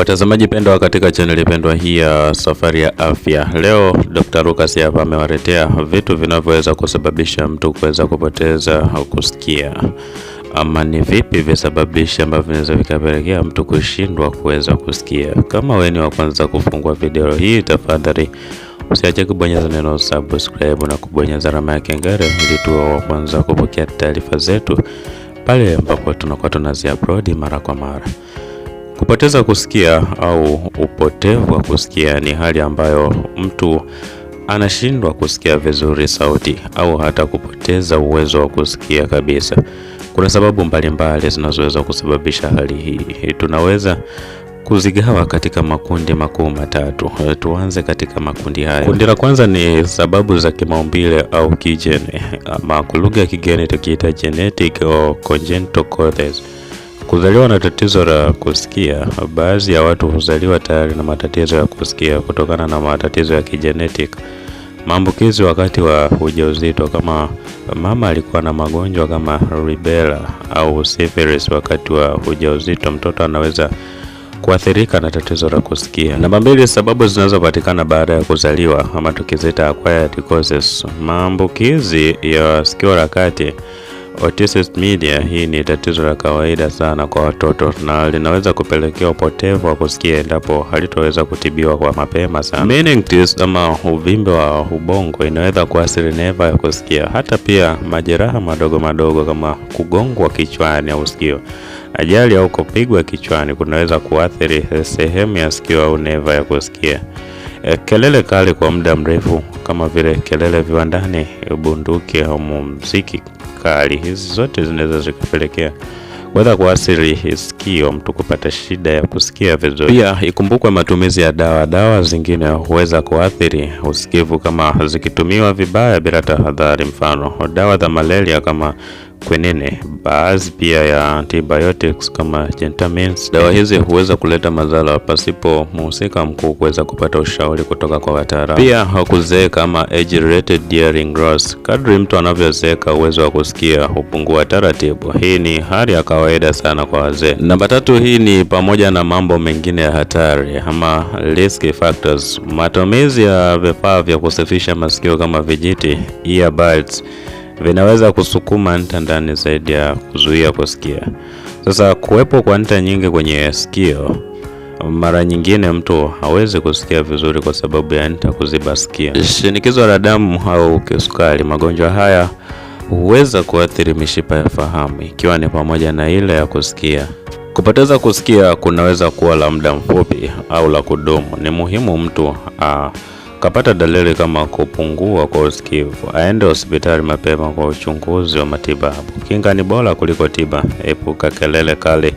Watazamaji pendwa katika chaneli pendwa hii ya Safari ya Afya, leo Dr. Lucas hapa amewaletea vitu vinavyoweza kusababisha mtu kuweza kupoteza kusikia, ama ni vipi visababisha ambavyo vinaweza vikapelekea mtu kushindwa kuweza kusikia. Kama wewe ni wa kwanza kufungua video hii, tafadhali usiache kubonyeza neno subscribe na kubonyeza alama ya kengele ili tuwe wa kwanza kupokea taarifa zetu pale ambapo tunakuwa tunazi upload mara kwa mara. Kupoteza kusikia au upotevu wa kusikia ni hali ambayo mtu anashindwa kusikia vizuri sauti au hata kupoteza uwezo wa kusikia kabisa. Kuna sababu mbalimbali zinazoweza kusababisha hali hii. Tunaweza kuzigawa katika makundi makuu matatu. Tuanze katika makundi haya. Kundi la kwanza ni sababu za kimaumbile au kijeni, ama kwa lugha ya kigeni tukiita genetic or congenital causes. Kuzaliwa na tatizo la kusikia. Baadhi ya watu huzaliwa tayari na matatizo ya kusikia kutokana na matatizo ya kijenetik, Maambukizi wakati wa ujauzito, kama mama alikuwa na magonjwa kama rubella au syphilis wakati wa ujauzito, mtoto anaweza kuathirika na tatizo la kusikia. Namba mbili, sababu zinazopatikana baada ya kuzaliwa ama tukizita acquired causes. Maambukizi ya sikio la kati Autism media hii ni tatizo la kawaida sana kwa watoto na linaweza kupelekea upotevu wa kusikia endapo halitoweza kutibiwa kwa mapema sana. Meningitis ama uvimbe wa ubongo inaweza kuathiri neva ya kusikia, hata pia majeraha madogo madogo kama kugongwa kichwani au sikio. Ajali au kupigwa kichwani kunaweza kuathiri sehemu ya sikio au neva ya kusikia. Eh, kelele kali kwa muda mrefu kama vile kelele viwandani, bunduki au muziki kali. Hizi zote zinaweza zikapelekea kuweza kuathiri sikio, mtu kupata shida ya kusikia vizuri. Pia ikumbukwe matumizi ya dawa, dawa zingine huweza kuathiri usikivu kama zikitumiwa vibaya bila tahadhari. Mfano, dawa za malaria kama kwenene, baadhi pia ya antibiotics kama gentamins. Dawa hizi huweza kuleta madhara pasipo mhusika mkuu kuweza kupata ushauri kutoka kwa wataalamu. Pia hakuzee kama age related hearing loss. Kadri mtu anavyozeeka, uwezo wa kusikia hupungua taratibu. Hii ni hali ya kawaida sana kwa wazee. Namba tatu, hii ni pamoja na mambo mengine ya hatari ama risk factors. Matumizi ya vifaa vya kusafisha masikio kama vijiti earbuds vinaweza kusukuma nta ndani zaidi ya kuzuia kusikia. Sasa kuwepo kwa nta nyingi kwenye sikio, mara nyingine mtu hawezi kusikia vizuri kwa sababu ya nta kuziba sikio. Shinikizo la damu au kisukari, magonjwa haya huweza kuathiri mishipa ya fahamu ikiwa ni pamoja na ile ya kusikia. Kupoteza kusikia kunaweza kuwa la muda mfupi au la kudumu. Ni muhimu mtu a, ah, kapata dalili kama kupungua kwa usikivu, aende hospitali mapema kwa uchunguzi wa matibabu. Kinga ni bora kuliko tiba. Epuka kelele kali,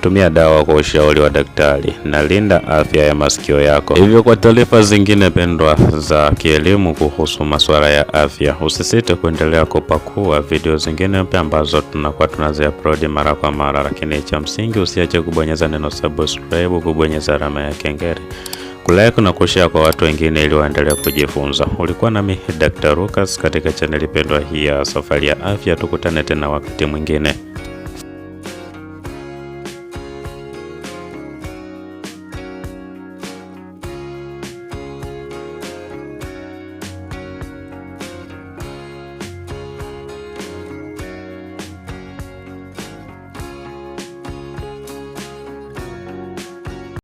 tumia dawa kwa ushauri wa daktari, na linda afya ya masikio yako. Hivyo, kwa taarifa zingine pendwa za kielimu kuhusu masuala ya afya, usisite kuendelea kupakua video zingine mpya ambazo tunakuwa upload mara kwa mara, lakini cha msingi usiache kubonyeza neno subscribe, kubonyeza alama ya kengele kulike na kushare kwa watu wengine ili waendelee kujifunza. Ulikuwa nami Dr. Lucas katika chaneli pendwa hii ya Safari ya Afya. Tukutane tena wakati mwingine.